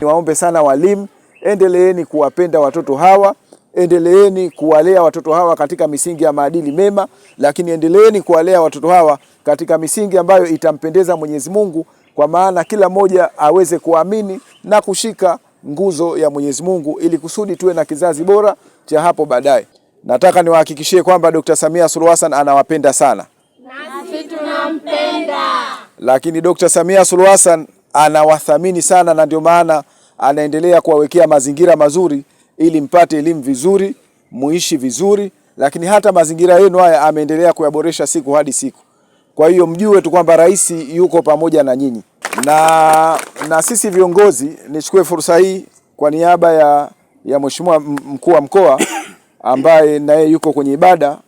Niwaombe sana walimu, endeleeni kuwapenda watoto hawa, endeleeni kuwalea watoto hawa katika misingi ya maadili mema, lakini endeleeni kuwalea watoto hawa katika misingi ambayo itampendeza Mwenyezi Mungu, kwa maana kila mmoja aweze kuamini na kushika nguzo ya Mwenyezi Mungu ili kusudi tuwe na kizazi bora cha hapo baadaye. Nataka niwahakikishie kwamba Dr. Samia Suluhu Hassan anawapenda sana, nasi tunampenda. Lakini Dkt. Samia Suluhu Hassan anawathamini sana, na ndio maana anaendelea kuwawekea mazingira mazuri ili mpate elimu vizuri, muishi vizuri, lakini hata mazingira yenu haya ameendelea kuyaboresha siku hadi siku. Kwa hiyo mjue tu kwamba rais yuko pamoja na nyinyi, na na sisi viongozi, nichukue fursa hii kwa niaba ya, ya Mheshimiwa mkuu wa mkoa ambaye naye yuko kwenye ibada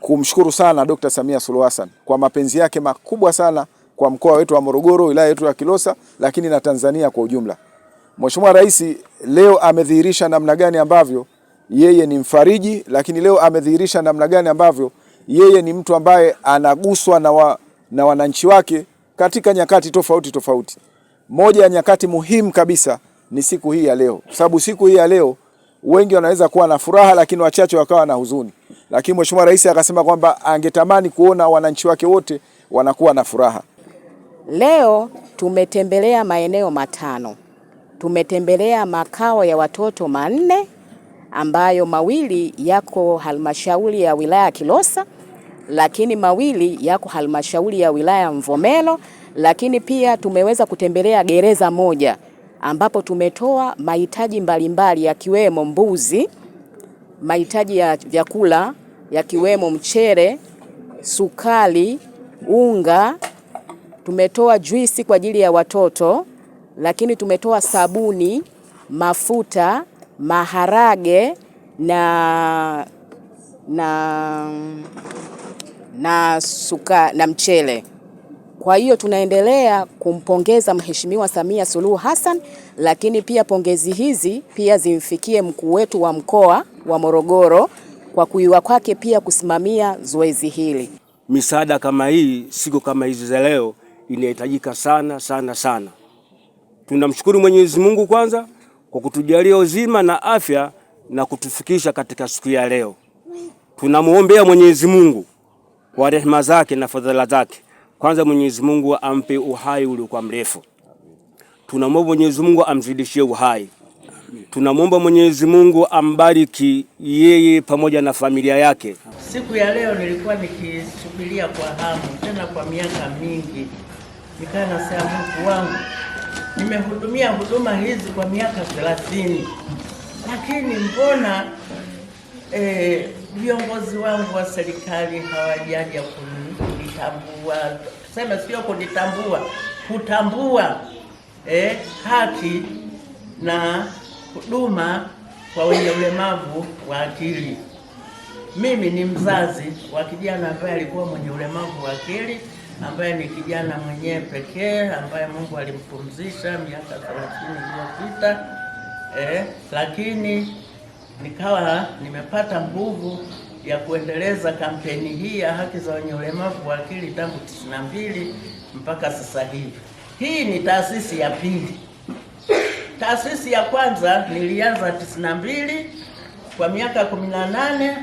kumshukuru sana Dkt. Samia Suluhu Hassan kwa mapenzi yake makubwa sana kwa mkoa wetu wa Morogoro, wilaya yetu ya Kilosa, lakini na Tanzania kwa ujumla. Mheshimiwa Rais leo amedhihirisha namna gani ambavyo yeye ni mfariji, lakini leo amedhihirisha namna gani ambavyo yeye ni mtu ambaye anaguswa na, wa, na wananchi wake katika nyakati tofauti tofauti. Moja ya nyakati muhimu kabisa ni siku hii ya leo, kwa sababu siku hii ya leo wengi wanaweza kuwa na furaha, lakini wachache wakawa na huzuni. Lakini Mheshimiwa Rais akasema kwamba angetamani kuona wananchi wake wote wanakuwa na furaha. Leo tumetembelea maeneo matano. Tumetembelea makao ya watoto manne ambayo mawili yako halmashauri ya wilaya ya Kilosa, lakini mawili yako halmashauri ya wilaya ya Mvomero, lakini pia tumeweza kutembelea gereza moja ambapo tumetoa mahitaji mbalimbali yakiwemo mbuzi, mahitaji ya vyakula yakiwemo mchele, sukari, unga tumetoa juisi kwa ajili ya watoto, lakini tumetoa sabuni, mafuta, maharage na na na suka na mchele. Kwa hiyo tunaendelea kumpongeza Mheshimiwa Samia Suluhu Hassan, lakini pia pongezi hizi pia zimfikie mkuu wetu wa mkoa wa Morogoro kwa kuiwa kwake pia kusimamia zoezi hili. Misaada kama hii siku kama hizi za leo inahitajika sana sana sana. Tunamshukuru Mwenyezi Mungu kwanza kwa kutujalia uzima na afya na kutufikisha katika siku ya leo. Tunamwombea Mwenyezi Mungu kwa rehema zake na fadhila zake, kwanza Mwenyezi Mungu ampe uhai uliokuwa mrefu. Tunamwomba Mwenyezi Mungu amzidishie uhai. Tunamwomba Mwenyezi Mungu ambariki yeye pamoja na familia yake. Siku ya leo nilikuwa nikisubiria kwa hamu tena kwa miaka mingi nikaa na Mungu wangu, nimehudumia huduma hizi kwa miaka thelathini, lakini mbona eh, viongozi wangu wa serikali hawajaja kunitambua, tuseme sio kunitambua, kutambua e, haki na huduma kwa wenye ulemavu wa akili. Mimi ni mzazi wa kijana ambaye alikuwa mwenye ulemavu wa akili ambaye ni kijana mwenyewe pekee ambaye Mungu alimpumzisha miaka 30 iliyopita eh, lakini nikawa nimepata nguvu ya kuendeleza kampeni hii ya haki za wenye ulemavu wa akili tangu 92 mbili mpaka sasa hivi. Hii ni taasisi ya pili. Taasisi ya kwanza nilianza 92 mbili kwa miaka kumi na nane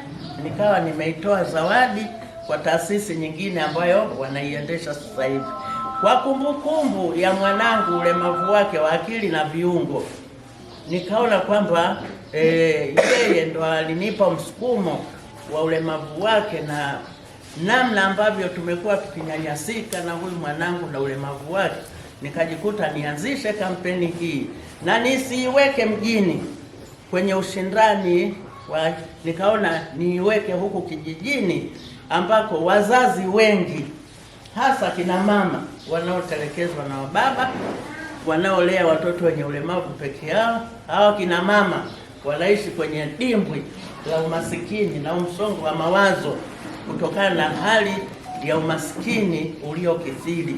nikawa nimeitoa zawadi kwa taasisi nyingine ambayo wanaiendesha sasa hivi. Kwa kumbukumbu ya mwanangu ulemavu wake wa akili na viungo, nikaona kwamba eh, yeye ndo alinipa msukumo wa ulemavu wake na namna ambavyo tumekuwa tukinyanyasika na huyu mwanangu na ulemavu wake, nikajikuta nianzishe kampeni hii na nisiiweke mjini kwenye ushindani wa, nikaona niiweke huku kijijini ambako wazazi wengi hasa kina mama wanaotelekezwa na wababa wanaolea watoto wenye ulemavu peke yao. hao kina mama wanaishi kwenye dimbwi la umasikini na msongo wa mawazo kutokana na hali ya umasikini uliokithiri.